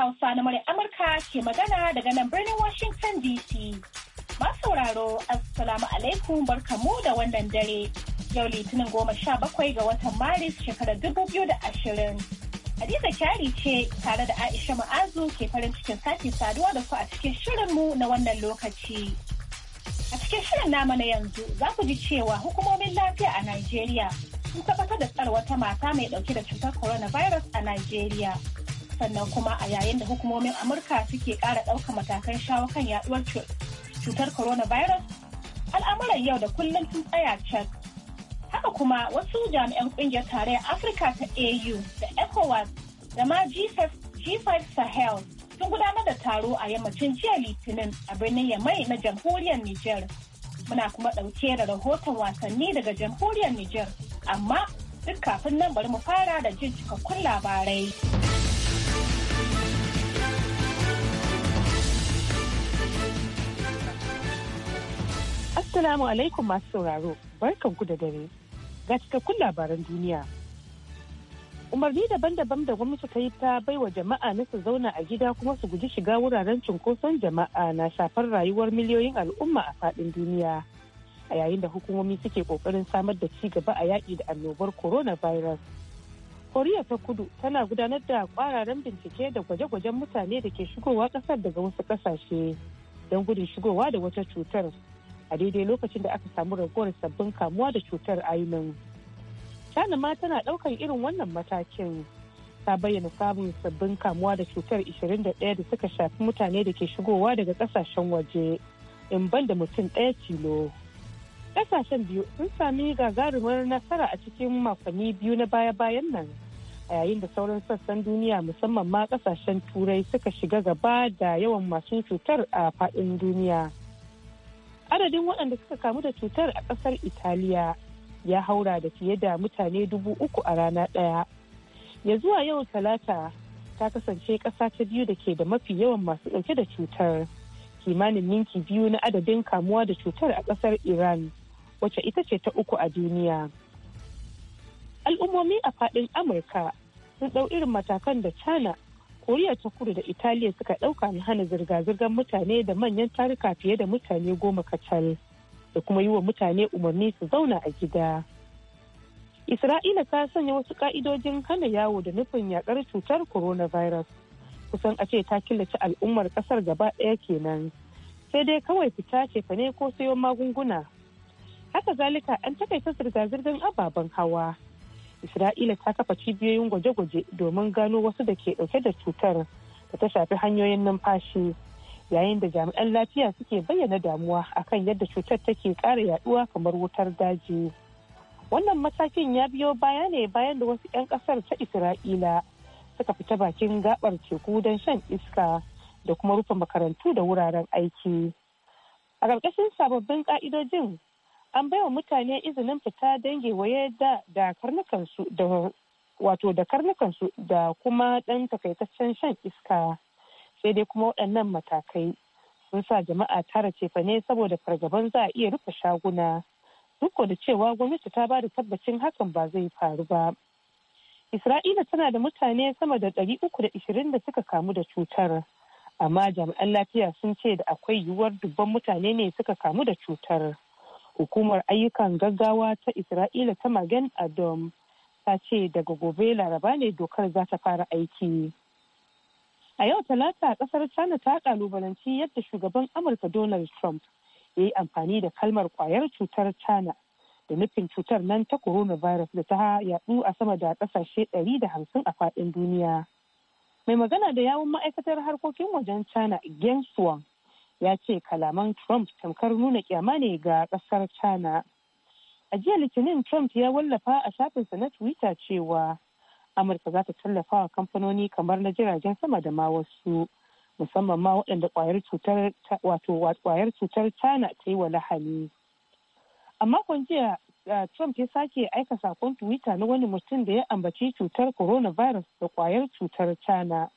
Hausa na murya Amurka ke magana daga nan birnin Washington DC. Masu sauraro, Assalamu alaikum barkamu da wannan dare. Yau Litinin goma sha bakwai ga watan Maris shekarar dubu biyu da ashirin. Hadiza Kyari ce tare da Aisha Ma'azu ke farin cikin sati saduwa da ku a cikin shirin mu na wannan lokaci. A cikin shirin nama na yanzu za ku ji cewa hukumomin lafiya a Najeriya sun tabbatar da tsar wata mata mai dauke da cutar coronavirus a Najeriya. sannan kuma a yayin da hukumomin amurka suke ƙara ɗaukar matakan shawo kan yaduwar cutar coronavirus al'amuran yau da kullum sun tsaya can. haka kuma wasu jami'an ƙungiyar tarayyar afirka ta au da ecowas da ma g5 sahel sun gudanar da taro a yammacin jiya litinin a birnin yamai na jamhuriyar niger muna kuma ɗauke da rahoton wasanni daga jamhuriyar niger amma duk kafin nan bari mu fara da jin cikakkun labarai. Assalamu alaikum masu sauraro, barkanku da dare. Ga cikakkun labaran duniya. Umarni daban-daban da gwamnati ta yi ta baiwa jama'a na su zauna a gida kuma su guji shiga wuraren cunkoson jama'a na shafar rayuwar miliyoyin al'umma a faɗin duniya. A yayin da hukumomi suke ƙoƙarin samar da ci gaba a yaƙi da annobar coronavirus. Koriya ta kudu tana gudanar da ƙwararren bincike da gwaje-gwajen mutane da ke shigowa ƙasar daga wasu ƙasashe don gudun shigowa da wata cutar a daidai lokacin da aka samu raguwar sabbin kamuwa da cutar ainihin. china ma tana daukan irin wannan matakin ta bayyana samun sabbin kamuwa da cutar 21 da suka shafi mutane da ke shigowa daga kasashen waje in ban da mutum ɗaya tilo kasashen biyu sun sami gagarumar nasara a cikin makonni biyu na baya-bayan nan a yayin da sauran sassan duniya musamman ma kasashen turai suka shiga gaba da yawan masu cutar a faɗin duniya. adadin waɗanda suka kamu da cutar a ƙasar italiya ya haura da fiye da mutane dubu uku a rana ɗaya ya zuwa yau talata ta kasance ƙasa ta biyu da ke da mafi yawan masu ɗauke da cutar kimanin minti biyu na adadin kamuwa da cutar a ƙasar iran wacce ita ce ta uku a duniya al'ummomi a faɗin amurka sun ɗau irin matakan da china koriya ta kudu da italiya suka ɗauka na hana zirga-zirgar mutane da manyan tarika fiye da mutane goma kacal da kuma yi wa mutane umarni su zauna a gida isra'ila ta sanya wasu ka'idojin hana yawo da nufin yakar cutar coronavirus kusan a ce ta killace al'ummar kasar gaba ɗaya kenan sai dai kawai fita ce ne ko sayo magunguna haka zalika an takaita zirga-zirgar ababen hawa isra'ila ta kafa cibiyoyin gwaje-gwaje domin gano wasu da ke dauke da cutar da ta shafi hanyoyin numfashi yayin da jami'an lafiya suke bayyana damuwa akan yadda cutar take kara yaduwa kamar wutar daji wannan matakin ya biyo baya ne bayan da wasu 'yan kasar ta isra'ila suka fita bakin gabar teku don shan iska da kuma rufe makarantu da wuraren aiki a ƙarƙashin sababbin ka'idojin. an baiwa mutane izinin fita dange waye da karnukansu da wato da karnukansu da kuma ɗan takaitaccen shan iska sai dai kuma waɗannan matakai sun sa jama'a tara cefa ne saboda fargaban za a iya rufe shaguna duk da cewa gwamnati ta ba da tabbacin hakan ba zai faru ba isra'ila tana da mutane sama da ɗari uku da ishirin da suka kamu da cutar amma jami'an lafiya sun ce da akwai yiwuwar dubban mutane ne suka kamu da cutar. hukumar ayyukan gaggawa ta isra'ila ta magen adom ta ce daga gobe laraba ne dokar za ta fara aiki a yau talata kasar china ta kalubalanci yadda shugaban amurka donald trump ya yi amfani da kalmar kwayar cutar china da nufin cutar nan ta coronavirus da ta yadu a sama da kasashe 150 a faɗin duniya mai magana da yawon ma'aikatar harkokin wajen china geng ya ce kalaman Trump tamkar nuna kyama ne ga ƙasar China. A jiya Litinin Trump ya wallafa a shafinsa na Twitter cewa Amurka za ta tallafa wa kamfanoni kamar na jiragen sama da ma wasu musamman ma waɗanda ƙwayar cutar wato ƙwayar cutar China ta yi wa lahani. A makon jiya Trump ya sake aika sakon Twitter na wani mutum da ya ambaci cutar coronavirus da kwayar cutar China.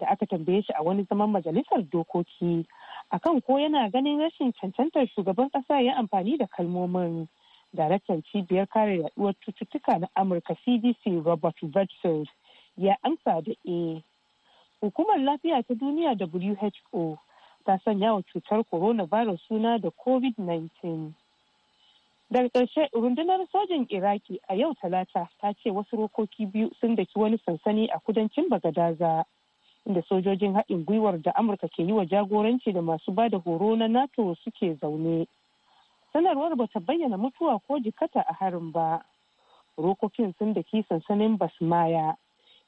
da aka tambaye shi a wani zaman majalisar dokoki akan ko yana ganin rashin cancantar shugaban kasa ya amfani da kalmomin daraktan cibiyar kare yaduwar cututtuka na amurka cdc robert redfield ya amsa da a hukumar lafiya ta duniya who ta sanya wa cutar corona coronavirus suna da covid-19 daga ƙarshe rundunar sojin iraki a yau talata ta ce wasu rokoki biyu sun daki wani sansani a kudancin bagadaza inda sojojin haɗin gwiwar da amurka ke yi wa jagoranci da masu ba da horo na nato suke zaune sanarwar ba ta bayyana mutuwa ko jikata a harin ba rokokin sun da sansanin basmaya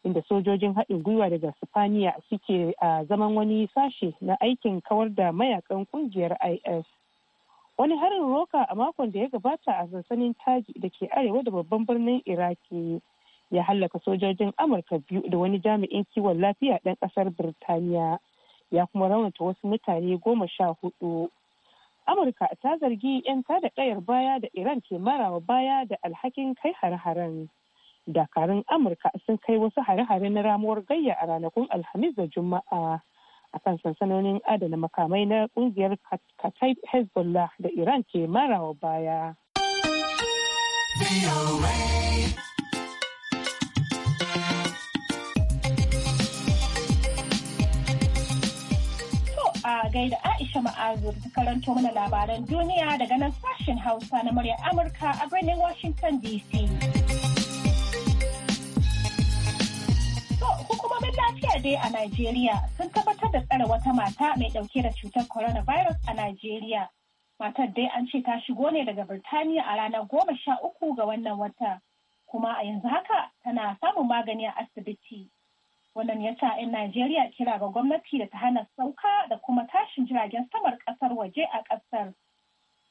inda sojojin haɗin gwiwa daga sifaniya suke a zaman wani sashe na aikin kawar da mayakan kungiyar is wani harin roka a makon da ya gabata a sansanin taji da ke arewa da babban birnin iraki ya hallaka sojojin amurka biyu da wani jami'in kiwon lafiya ɗan ƙasar birtaniya ya kuma raunata wasu mutane goma sha hudu amurka ta zargi 'yan da ƙayar baya da iran ke marawa baya da alhakin kai hare-haren dakarun amurka sun kai wasu hare-hare na ramuwar gayya a ranakun alhamis da juma'a a kan sansanonin adana makamai na ƙungiyar kataib hezbollah da iran ke marawa baya gaida Aisha Ma'azur ta karanto mana labaran duniya daga nan sashen Hausa na muryar Amurka a birnin Washington DC. Hukumomin lafiya dai a Najeriya sun tabbatar da tsare wata mata mai ɗauke da cutar coronavirus a Najeriya. Matar dai an ce ta shigo ne daga Birtaniya a ranar goma sha uku ga wannan wata. Kuma a yanzu haka tana samun magani a asibiti. wannan ya sa 'yan najeriya kira ga gwamnati da ta hana sauka da kuma tashin jiragen samar kasar waje a kasar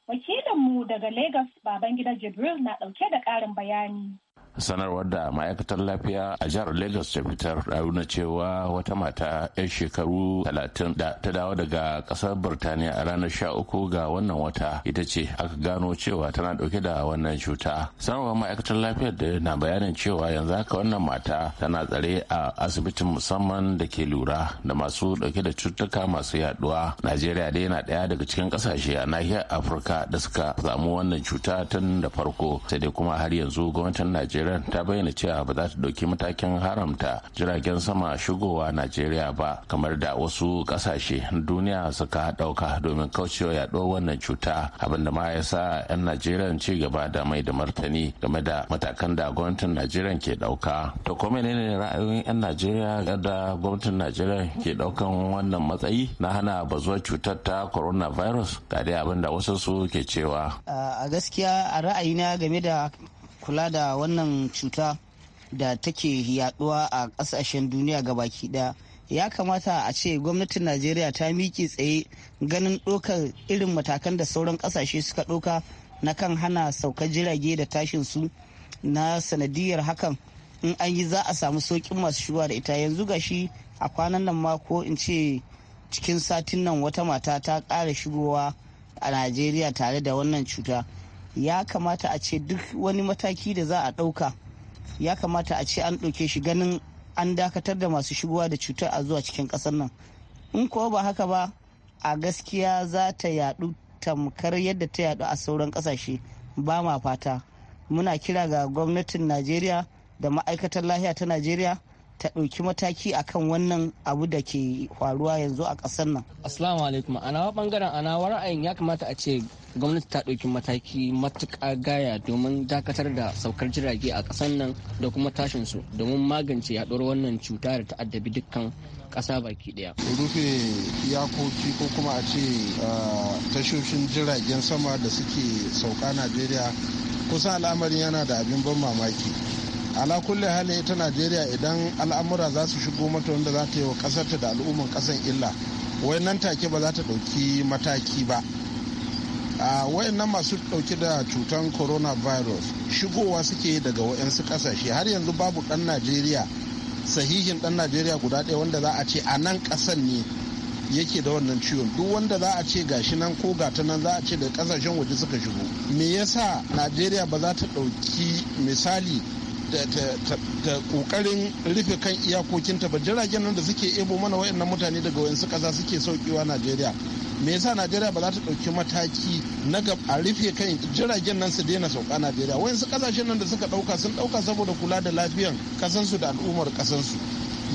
wakilinmu daga lagos babangida jibril na ɗauke da ƙarin bayani sanarwar da ma'aikatar lafiya a jihar lagos ta fitar da nuna cewa wata mata 'yan shekaru 30 da ta dawo daga kasar birtaniya a ranar 13 ga wannan wata ita ce aka gano cewa tana dauke da wannan cuta sanarwar ma'aikatar lafiyar da na bayanin cewa yanzu haka wannan mata tana tsare a asibitin musamman da ke lura da masu dauke da cututtuka masu yaduwa najeriya dai yana daya daga cikin kasashe a nahiyar afirka da suka samu wannan cuta tun da farko sai dai kuma har yanzu gwamnatin najeriya iran ta bayyana cewa ba za ta ɗauki matakin haramta jiragen sama shigowa najeriya ba kamar da wasu ƙasashe duniya suka ɗauka domin kaucewa yaɗuwar wannan cuta abinda ma ya sa 'yan najeriya ci gaba da mai da martani game da matakan da gwamnatin najeriya ke ɗauka to ko menene ra'ayoyin 'yan najeriya da gwamnatin najeriya ke ɗaukan wannan matsayi na hana bazuwar cutar ta coronavirus ga dai abinda wasu su ke cewa a gaskiya a ra'ayina game da kula da wannan cuta da take yaduwa a kasashen duniya ga baki daya ya kamata a ce gwamnatin najeriya ta miƙe tsaye ganin ɗaukar irin matakan da sauran ƙasashe suka ɗauka na kan hana saukar jirage da tashin su na sanadiyar hakan in an yi za a samu sauƙin masu shuwa da ita yanzu gashi a kwanan nan mako ko in ce cikin satin nan wata mata ta ƙara shigowa a najeriya tare da wannan cuta ya kamata a ce duk wani mataki da za a ɗauka ya kamata a ce an ɗauke shi ganin an dakatar da masu shigowa da cutar a zuwa cikin ƙasar nan in kuwa ba haka ba a gaskiya za ta yaɗu tamkar yadda ta yaɗu a sauran ƙasashe ba ma fata muna kira ga gwamnatin najeriya da ma'aikatar lahiya ta najeriya ta ɗauki mataki akan wannan abu da ke faruwa yanzu a ƙasar nan. Asalamu alaikum. A nawa ɓangaren a nawa ra'ayin ya kamata a ce gwamnati ta ɗauki mataki matuƙa gaya domin dakatar da saukar jirage a ƙasar nan da kuma tashin su domin magance yaɗuwar wannan cuta da ta addabi dukkan ƙasa baki ɗaya. Rufe iyakoki ko kuma a ce tashoshin jiragen sama da suke sauka Najeriya kusan al'amarin yana da abin ban mamaki. ala kulle hali ita najeriya idan al'amura za su shigo mata wanda za ta yi wa kasarta da al'umman kasan illa wai nan take ba za ta dauki mataki ba a wayannan masu ɗauki da cutan coronavirus shigowa suke daga wayansu kasashe har yanzu babu ɗan najeriya sahihin ɗan najeriya guda ɗaya wanda za a ce a nan kasan ne yake da wannan ciwon duk wanda za a ce gashi nan ko gata nan za a ce da kasashen waje suka shigo me yasa najeriya ba za ta ɗauki misali da kokarin rufe kan iyakokinta ba jiragen nan da suke ebo mana wayannan mutane daga wayansu ƙasa suke saukewa najeriya me yasa najeriya ba za ta ɗauki mataki na ga a rufe kan jiragen nan su daina sauka najeriya wayansu kasashen nan da suka ɗauka sun ɗauka saboda kula da lafiyan ƙasansu da al'ummar ƙasansu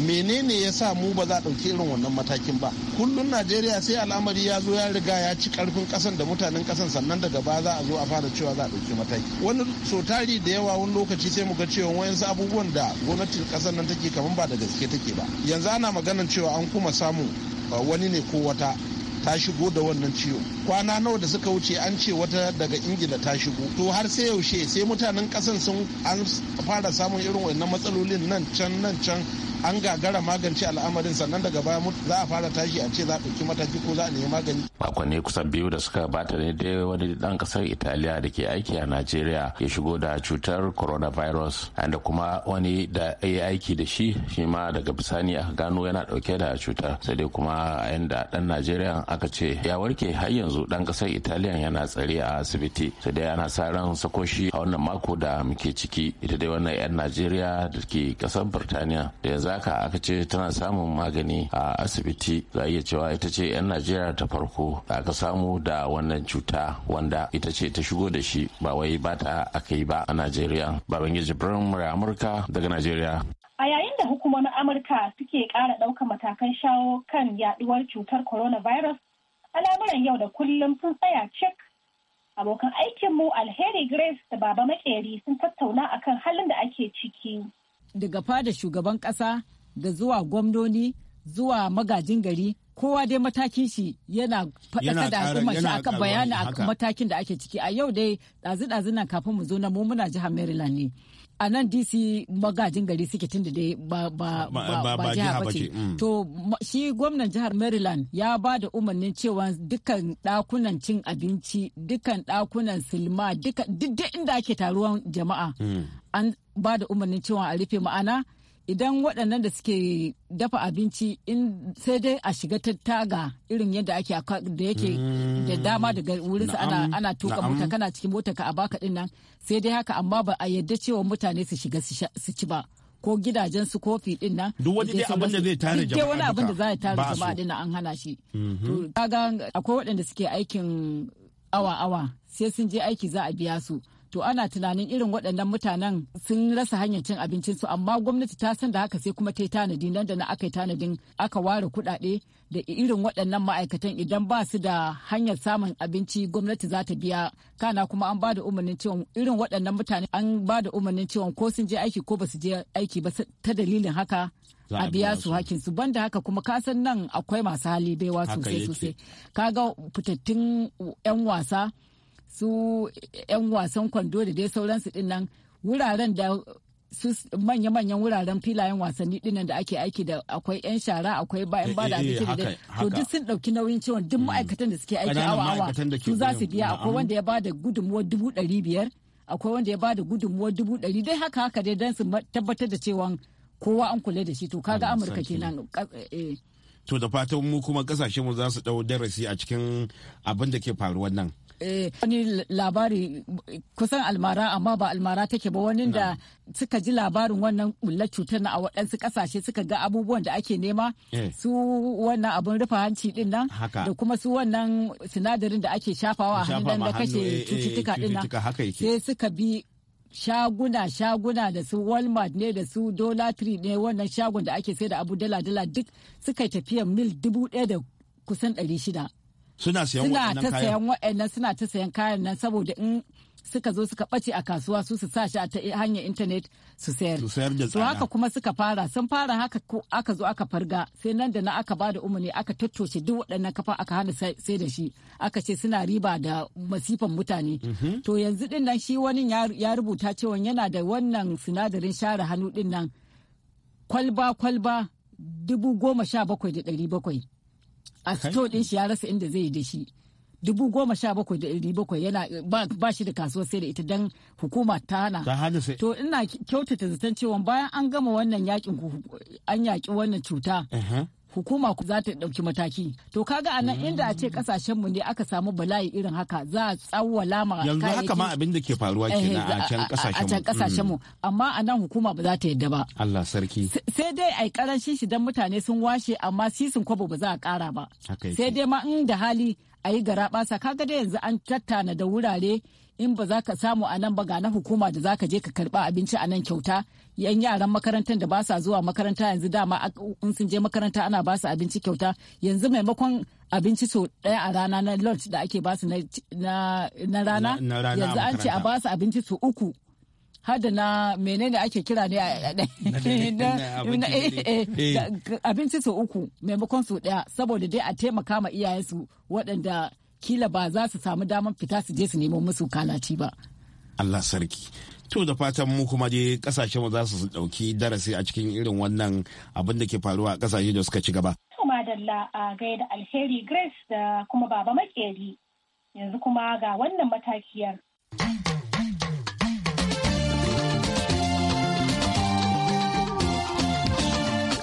menene ya sa mu ba za a ɗauki irin wannan matakin ba kullum najeriya sai al'amari ya zo ya riga ya ci karfin ƙasan da mutanen ƙasan sannan daga ba za a zo a fara cewa za a ɗauki mataki wani sotari da yawa wani lokaci sai mu ga cewa wayansu abubuwan da gwamnatin ƙasan nan take kamar ba da gaske take ba yanzu ana maganan cewa an kuma samu uh, wani ne ko wata ta shigo da wannan ciwo kwana nawa da suka wuce an ce wata daga ingila ta shigo to har sai yaushe sai mutanen kasan sun an fara samun irin wannan matsalolin nan can nan can an gagara magance al'amarin sannan daga baya za a fara tashi a ce za a ɗauki mataki ko za a nemi magani. makonni kusa biyu da suka bata ne dai wani ɗan kasar italiya da ke aiki a najeriya ya shigo da cutar coronavirus da kuma wani da ya aiki da shi shi ma daga bisani aka gano yana ɗauke da cutar sai dai kuma a yanda ɗan najeriya aka ce ya warke har yanzu ɗan kasar italiya yana tsare a asibiti sai dai ana sa ran sakoshi a wannan mako da muke ciki ita dai wannan 'yan najeriya da ke kasar birtaniya da yanzu haka aka ce tana samun magani a asibiti za iya cewa ita ce 'yan najeriya ta farko da aka samu da wannan cuta wanda ita ce ta shigo da shi ba wai ba ta aka yi ba a najeriya babangiji birnin murai amurka daga najeriya A yayin da hukumomin Amurka suke ƙara ɗaukar matakan shawo kan yaduwar cutar coronavirus, al'amuran yau da kullum sun tsaya cik. Abokan aikinmu Alheri Grace da Baba Makeri sun tattauna akan halin da ake ciki. daga fada shugaban ƙasa da zuwa gwamnoni zuwa magajin gari kowa dai matakin shi yana faɗaka da al'umma shi aka bayani a matakin da ake ciki a yau dai ɗazu-ɗazu nan kafin mu zo na mu muna jihar Maryland ne a nan dc magajin gari suke tun da dai ba ba ba jiha ba ce mm. to shi gwamnan jihar maryland ya ba da umarnin cewa dukkan dakunan cin abinci dukkan dakunan silma duk inda ake taruwan jama'a mm. an ba da umarnin cewa a rufe ma'ana idan waɗannan da suke dafa abinci in sai dai a shiga tattaga irin yadda ake da yake mm. da dama daga wurin su ana tuka mota kana cikin mota ka a baka din nan sai dai haka amma ba a yadda cewa mutane su shiga su ci ba ko gidajen su kofi din nan duk wani dai abin da zai tare jama'a wani abin da zai tare jama'a din nan an hana shi mm-hmm. kaga akwai waɗanda suke aikin awa awa sai sun je aiki za a biya su to ana tunanin irin waɗannan mutanen sun rasa hanyar cin abincinsu amma gwamnati ta san da haka sai kuma ta yi tanadi nan da na aka yi tanadin aka ware kuɗaɗe da irin waɗannan ma'aikatan idan ba su da hanyar samun abinci gwamnati za ta biya kana kuma an ba da umarnin cewa irin waɗannan mutane an ba da umarnin cewa ko sun je aiki ko ba su je aiki ba ta dalilin haka a biya su hakin su banda haka kuma kasan nan akwai masu hali baiwa sosai sosai kaga fitattun 'yan wasa su 'yan wasan kwando da dai sauransu dinnan wuraren da su manya-manyan wuraren filayen wasanni dinnan da ake aiki da akwai 'yan shara akwai bayan ba da eh, eh, abinci da to duk sun dauki nauyin ciwon duk mm. ma'aikatan da suke aiki awa awa su za su biya akwai wanda ya bada gudunmuwa dubu ɗari biyar akwai wanda ya bada gudunmuwa dubu ɗari dai haka haka dai don su tabbatar da cewa kowa an kula da shi to kaga amurka kenan to da fatan mu kuma kasashen mu za su dau darasi a cikin abin da ke faruwar nan eh, wani labari kusan almara amma ba almara take ba wani da suka ji labarin wannan bullar cutar na a waɗansu ƙasashe suka ga abubuwan da ake nema eh. su wannan abin rufe hanci din nan da kuma su wannan sinadarin da ake shafawa a hannun da kashe eh, cututtuka din nan sai suka bi shaguna shaguna da su walmart ne da su dollar tree ne wannan shagon da ake sai da abu dala dala duk suka yi tafiya mil dubu ɗaya da kusan ɗari shida suna waɗannan suna ta sayan waɗannan suna ta sayan kayan nan saboda in suka zo suka ɓace a kasuwa su su sa shi a ta hanyar intanet su sayar. Su da tsada. haka kuma suka fara sun fara haka ko aka zo aka farga sai nan da na aka ba da umarni aka tattoshe duk waɗannan kafa aka hana sai da shi aka ce suna riba da masifan mutane. Mhm. To yanzu din nan shi wani ya rubuta cewa yana da wannan sinadarin share hannu din nan kwalba kwalba dubu goma sha bakwai da ɗari bakwai. A sito ɗin shi ya rasa inda zai yi da shi. dubu goma sha bakwai da ɗari bakwai yana ba shi da kasuwa sai da ita dan hukuma ta hana. sai. To ina kyautata zaton cewa bayan an gama wannan yakin an yaki wannan cuta. Hukuma za ta ɗauki mataki. To kaga a nan inda a ce kasashen mm. mu ne aka samu bala'i irin haka za a tsawwala ma Yanzu haka ma abin da ke faruwa ke a can ƙasashen mu. A can mm. mu. Amma a nan hukuma ba za ta yadda ba. Allah sarki. Sai dai ai karancin shi dan mutane sun washe amma sisin kwabo ba za a ƙara ba. Sai dai ma in da hali a yi gara ɓasa kaga da yanzu an tattana da wurare in ba za ka samu a nan ba ga na hukuma da za ka je ka karɓa abinci a nan kyauta yan yaran makarantar da ba sa zuwa makaranta yanzu dama in sun je makaranta ana ba su abinci kyauta yanzu maimakon abinci sau ɗaya a rana na lunch da ake ba su na rana yanzu an ce a ba su abinci sau uku hada na menene ake kira ne a abinci eh, eh, eh. su uku maimakon su daya saboda dai a taimaka ma iyayensu waɗanda kila ba za su samu damar fita su je su nemo musu kalaci ba. Allah sarki. To da fatan mu kuma dai kasashe za su dauki darasi a cikin irin wannan abin da ke faruwa a kasashe da suka ci gaba. Kuma da a gaida alheri Grace da kuma baba makeri yanzu kuma ga wannan matakiyar.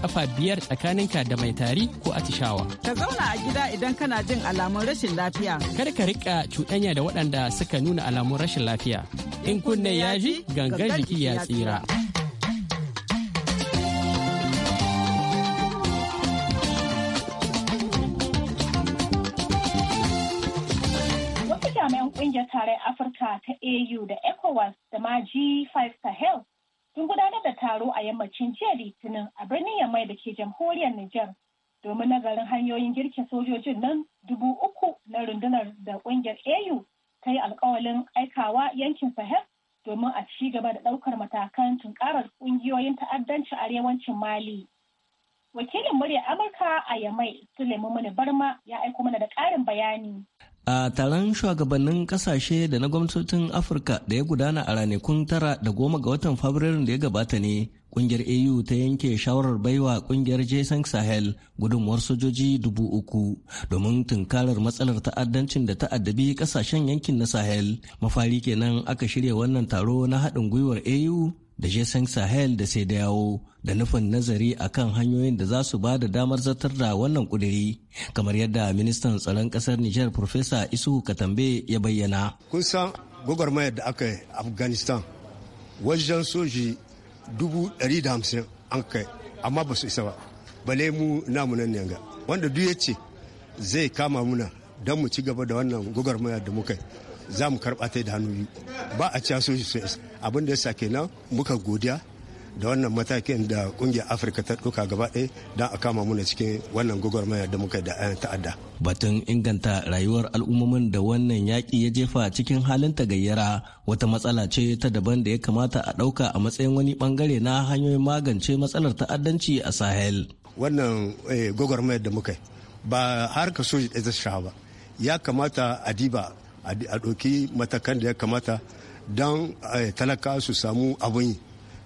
kafa biyar tsakaninka da mai tari ko atishawa. Ka zauna a gida idan kana jin alamun rashin lafiya. Kar ka rika cuɗanya da waɗanda suka nuna alamun rashin lafiya. In kunne ya ji gangan jiki ya tsira. jami'an kungiyar tarayyar afirka ta au da ecowas da ma g5 sahel sun gudanar taro a yammacin jiya litinin a birnin yamai da ke jamhuriyar Nijar domin nazarin hanyoyin girke sojojin nan dubu uku na rundunar da kungiyar AU ta yi alkawalin aikawa yankin Sahel domin a ci gaba da ɗaukar matakan tunkarar ƙungiyoyin ta'addanci arewacin Mali. Wakilin murya Amurka a Yamai, Suleiman Barma ya aiko mana da ƙarin bayani. a taron shugabannin kasashe da na gwamnatocin afirka da ya gudana a ranakun tara da goma ga watan fabrairun da ya gabata ne kungiyar au ta yanke shawarar baiwa kungiyar jason sahel gudunmuwar sojoji dubu uku domin tunkarar matsalar ta'addancin da ta'addabi kasashen yankin na sahel mafari kenan aka shirya wannan taro na haɗin gwiwar au da jason sahel da sai da yawo da nufin nazari akan hanyoyin da za su ba da damar zartar da wannan kuduri kamar yadda ministan tsaron kasar nijar profesa isu katambe ya bayyana kun san gwagwarmayar da aka yi afghanistan wajen soji dubu ɗari da hamsin an kai amma ba su isa ba bale mu namu nan ne wanda duk ya ce zai kama muna don mu ci gaba da wannan gwagwarmayar da muka yi za mu karɓa ta da hannu ba a ciya sun su abin da ya sa kenan muka godiya da wannan matakin da ƙungiyar afirka ta ɗauka gaba ɗaya don a kama muna cikin wannan gwagwarmaya da muka da ayan ta'adda batun inganta rayuwar al'ummomin da wannan yaƙi ya jefa cikin halin tagayyara wata matsala ce ta daban da ya kamata a ɗauka a matsayin wani ɓangare na hanyoyin magance matsalar ta'addanci a sahel wannan eh, gwagwarmaya da muka ba har ka soji ɗaya ta ba ya kamata a diba a ɗauki matakan da ya kamata don eh, talaka su samu abin yi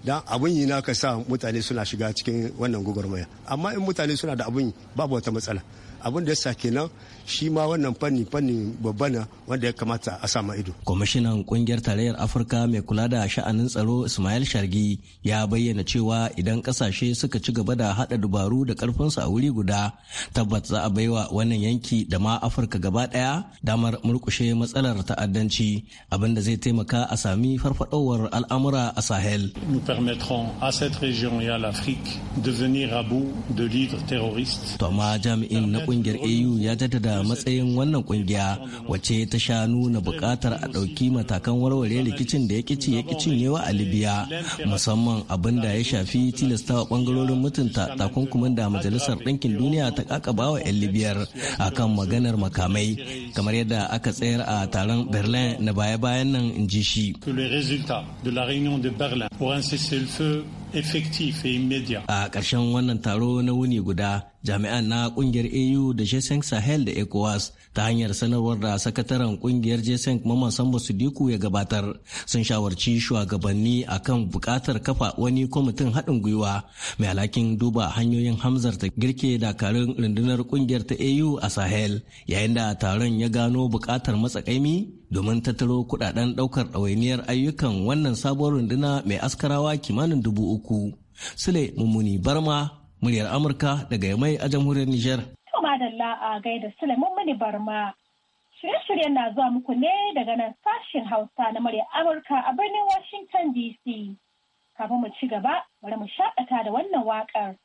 don abin yi na ka sa mutane suna shiga cikin wannan gwagwarmaya amma in mutane suna da abin yi babu wata matsala abin da ya sa kenan shi ma wannan fanni fanni babba na wanda ya kamata a sama ido. Kwamishinan kungiyar tarayyar Afirka mai kula da sha'anin tsaro Ismail Shargi ya bayyana cewa idan kasashe suka ci gaba da hada dubaru da karfinsu a wuri guda tabbat za a baiwa wannan yanki da ma Afirka gaba daya damar murkushe matsalar ta'addanci abin da zai taimaka a sami farfadowar al'amura a Sahel. Nous permettrons à cette région et à l'Afrique de venir à bout de l'hydre terroriste. Thomas Jami'in na kungiyar AU ya jaddada matsayin wannan kungiya wacce ta sha nuna bukatar a ɗauki matakan warware rikicin da ya kici ya cinyewa a Libya musamman abin da ya shafi tilastawa bangarorin mutunta takunkumin da majalisar ɗinkin duniya ta kakabawa 'yan Libyar akan maganar makamai kamar yadda aka tsayar a taron Berlin na baya-bayan nan in ji shi. A ƙarshen wannan taro na wuni guda jami'an na kungiyar au da jason sahel da ecowas ta hanyar sanarwar da sakataren kungiyar jason maman sambo Sidiku ya gabatar sun shawarci shugabanni akan bukatar kafa wani kwamitin haɗin gwiwa mai alhakin duba hanyoyin ta girke dakarun rundunar kungiyar ta au a sahel yayin da taron ya gano bukatar matsakaimi domin tattaro kudaden daukar ɗawainiyar ayyukan wannan sabon runduna mai askarawa kimanin dubu uku sule mummuni barma muryar Amurka daga Yamai a jamhuriyar Nijar. Tuma da la'a gaida Sulaiman Mani Barma. Shirye-shiryen na zuwa muku ne daga nan sashen Hausa na muryar Amurka a birnin Washington DC. Kafin mu ci gaba, bari mu shaɗata da wannan waƙar.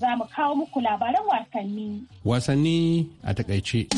da za mu kawo muku labaran wasanni. Wasanni a takaice.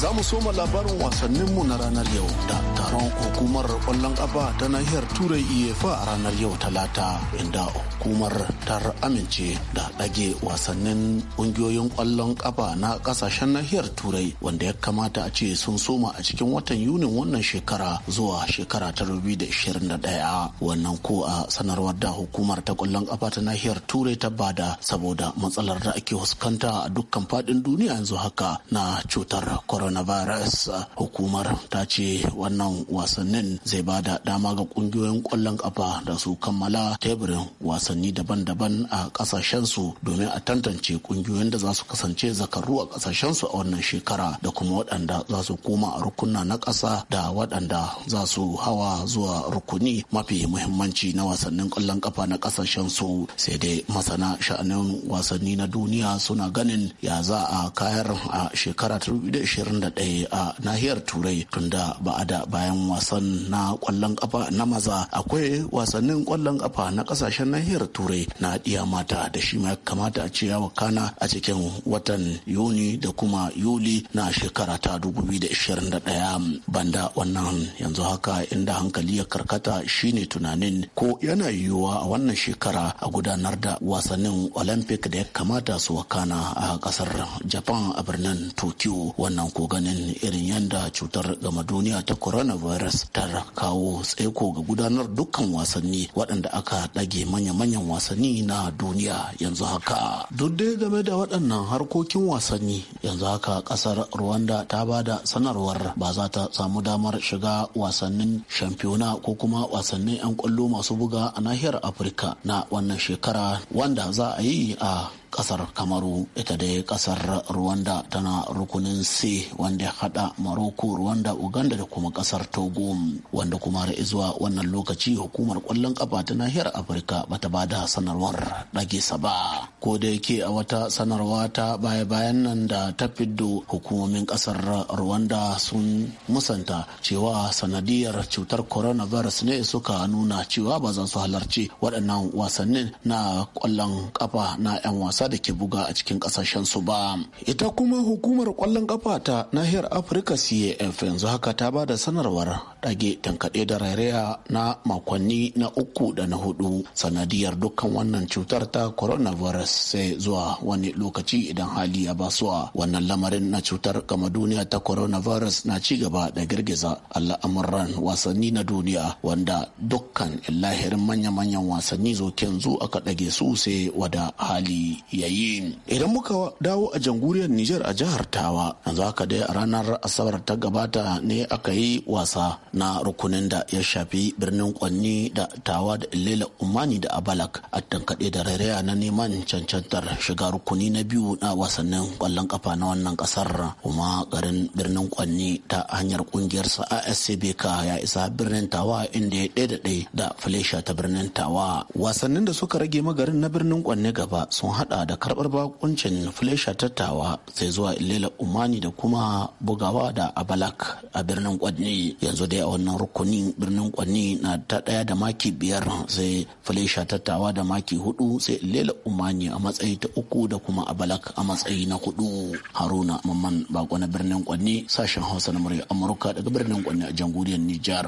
Za mu soma labarin wasanninmu na ranar yau da taron hukumar kwallon kafa ta nahiyar turai efa a ranar yau talata inda hukumar ta amince da ɗage wasannin ƙungiyoyin kwallon kafa na ƙasashen nahiyar turai wanda ya kamata a ce sun soma a cikin watan yunin wannan shekara zuwa shekara ta 2021 wannan ko a sanarwar da hukumar ta kwallon kafa ta nahiyar turai ta bada saboda matsalar da ake fuskanta a dukkan faɗin duniya yanzu haka na cutar coronavirus hukumar ta ce wannan wasannin zai ba da dama ga kungiyoyin kwallon kafa da su kammala teburin wasanni daban-daban a kasashensu domin a tantance kungiyoyin da za su kasance zakaru a kasashensu a wannan shekara da kuma waɗanda za su koma a rukunna na ƙasa da waɗanda za su hawa zuwa rukuni mafi muhimmanci na wasannin kwallon kafa na kasashensu sai dai masana sha'anin wasanni na duniya suna ganin ya za a kayar a shekara 2021 a nahiyar turai tunda ba a da baya bayan wasan na kwallon kafa na maza akwai wasannin kwallon kafa na kasashen nahiyar turai na ɗiya mata da shi ma kamata a ce wakana a cikin watan yuni da kuma yuli na shekara ta 2021 banda wannan yanzu haka inda hankali ya karkata shine tunanin ko yana yiwuwa a wannan shekara a gudanar da wasannin olympic da ya kamata su wakana a kasar japan a birnin tokyo wannan ko ganin irin yanda cutar gama duniya ta corona coronavirus ta kawo tsaiko ga gudanar dukkan wasanni waɗanda aka ɗage manya-manyan wasanni na duniya yanzu haka duk dai game da waɗannan harkokin wasanni yanzu haka ƙasar rwanda ta ba da sanarwar ba za ta samu damar shiga wasannin shampiyona ko kuma wasannin 'yan ƙwallo masu buga a nahiyar afirka na wannan shekara wanda za a yi a kasar kamaru ita dai kasar rwanda tana rukunin c wanda ya hada maroko rwanda uganda da kuma kasar togo wanda kuma har zuwa wannan lokaci hukumar kwallon kafa ta nahiyar afirka bata ba da sanarwar ɗage sa ba ko da yake a wata sanarwa ta baya bayan nan da ta fiddo hukumomin kasar rwanda sun musanta cewa sanadiyar cutar coronavirus ne suka nuna cewa ba za su halarci waɗannan wasannin na kwallon kafa na 'yan wasa wasa da ke buga a cikin kasashen su ba ita kuma hukumar kwallon kafa ta nahiyar afirka caf yanzu haka ta ba da sanarwar ɗage tankaɗe da rairaya na makonni na uku da na hudu sanadiyar dukkan wannan cutar ta coronavirus sai zuwa wani lokaci idan hali ya basuwa wannan lamarin na cutar gama duniya ta coronavirus na ci gaba da girgiza al'amuran wasanni na duniya wanda dukkan lahirin manya-manyan wasanni zo zu aka ɗage su sai wada hali Yayi. idan muka dawo a jamhuriyar Nijar a jihar tawa yanzu haka dai a ranar asabar ta gabata ne aka yi wasa na rukunin da ya shafi birnin kwanni da tawa da ilela umani da abalak a tankaɗe da rairaya na neman cancantar shiga rukuni na biyu na wasannin kwallon kafa na wannan ƙasar, kuma garin birnin kwanni ta hanyar ƙungiyar sa ascbk ya isa birnin tawa inda ya ɗaya da da flesha ta birnin tawa wasannin da suka rage magarin na birnin kwanni gaba sun haɗa. hada da karɓar bakuncin fulesha tattawa sai zuwa illela umani da kuma bugawa da abalak a birnin kwanni yanzu dai a wannan rukunin birnin kwanni na ta ɗaya da maki biyar sai fulesha tattawa da maki hudu sai illela umani a matsayi ta uku da kuma abalak a matsayi na hudu haruna mamman bako na birnin kwanni sashen hausa na murya amurka daga birnin kwanni a jamhuriyar nijar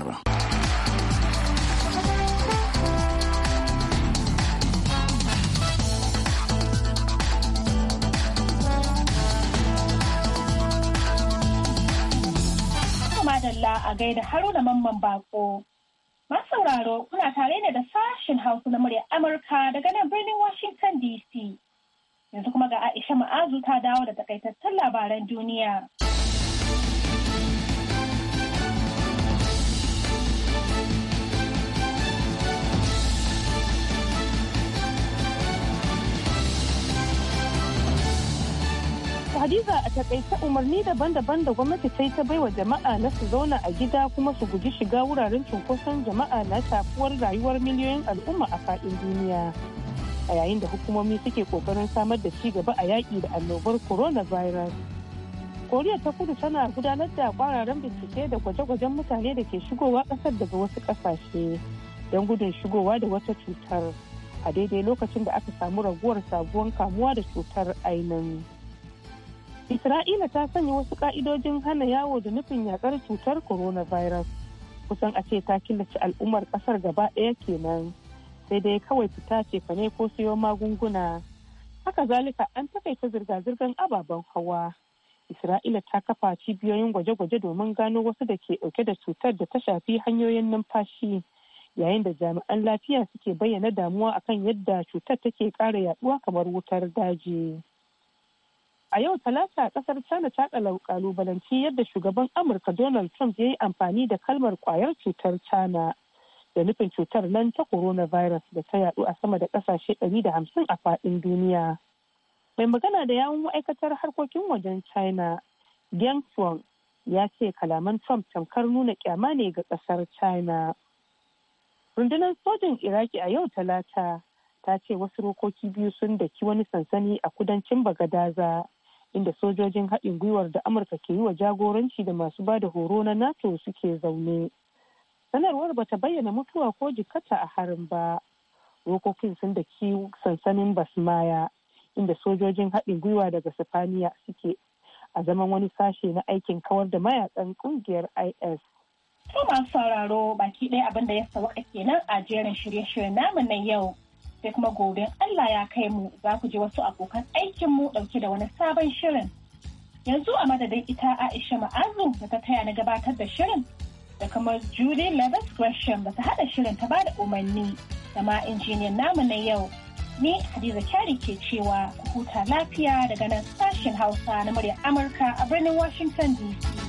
gaida Haruna Mamman Bako. Masu sauraro kuna tare ne da sashen Hausa na murya Amurka daga nan birnin Washington DC. Yanzu kuma ga Aisha Ma'azu ta dawo da takaitattun labaran duniya. Hadiza a takaice umarni daban-daban da gwamnati ta yi ta baiwa jama'a na su zauna a gida kuma su guji shiga wuraren cunkoson jama'a na shafuwar rayuwar miliyoyin al'umma a faɗin duniya. A yayin da hukumomi suke kokarin samar da ci gaba a yaƙi da annobar coronavirus. Koriya ta kudu tana gudanar da kwararen bincike da gwaje-gwajen mutane da ke shigowa ƙasar daga wasu ƙasashe don gudun shigowa da wata cutar a daidai lokacin da aka samu raguwar sabuwar kamuwa da cutar ainihin. Isra'ila ta sanya wasu ka'idojin hana yawo da nufin yakar cutar coronavirus. Kusan a ce ta killace al'ummar kasar gaba ɗaya kenan. Sai dai kawai fita ce fa ne ko siyo magunguna. Haka zalika an takaita zirga-zirgar ababen hawa. Isra'ila ta kafa cibiyoyin gwaje-gwaje domin gano wasu da ke ɗauke da cutar da ta shafi hanyoyin numfashi. Yayin da jami'an lafiya suke bayyana damuwa akan yadda cutar take ƙara yaduwa kamar wutar daji. A yau talata kasar China ta kalubalanci yadda shugaban Amurka Donald Trump ya yi amfani da kalmar kwayar cutar China da nufin cutar nan ta coronavirus da ta yadu a sama da kasashe 150 a fadin duniya. Mai magana da yawun ma'aikatar harkokin wajen China, Deng ya ce kalaman Trump tamkar nuna kyama ne ga kasar China. Rundunar sojin Iraki a yau talata ta ce wasu rokoki biyu sun daki wani sansani a kudancin Bagadaza inda sojojin haɗin gwiwar da amurka ke yi wa jagoranci da masu ba da horo na nato suke zaune sanarwar bata bayyana mutuwa ko jikata a harin ba rokokin sun da ki sansanin basmaya inda sojojin haɗin gwiwa daga sifaniya suke a zaman wani sashe na aikin kawar da mayakan kungiyar is to masu sauraro baki ɗaya abinda da ya sawaka kenan a jerin shirye-shiryen namu na yau sai kuma gobe Allah ya kai mu za ku je wasu abokan aikin mu dauke da wani sabon shirin. Yanzu a madadin ita Aisha Ma'azu da ta taya na gabatar da shirin da kamar Julie Levis Gresham da ta haɗa shirin ta bada umarni da ma injiniyan namu na yau. Ni Hadiza Kyari ke cewa ku huta lafiya daga nan sashen Hausa na murya Amurka a birnin Washington DC.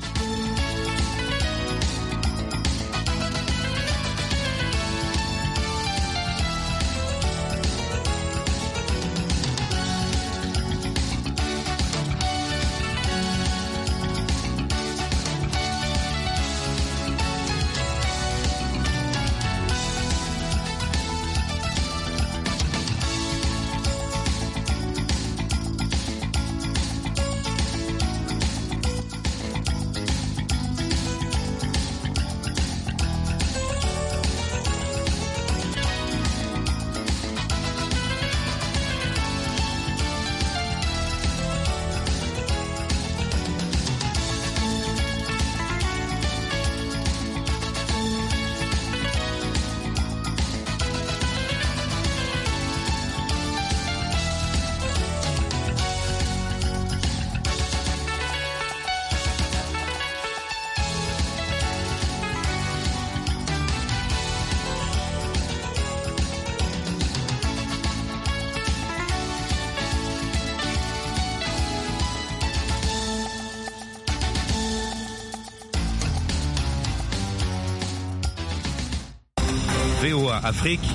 Afrique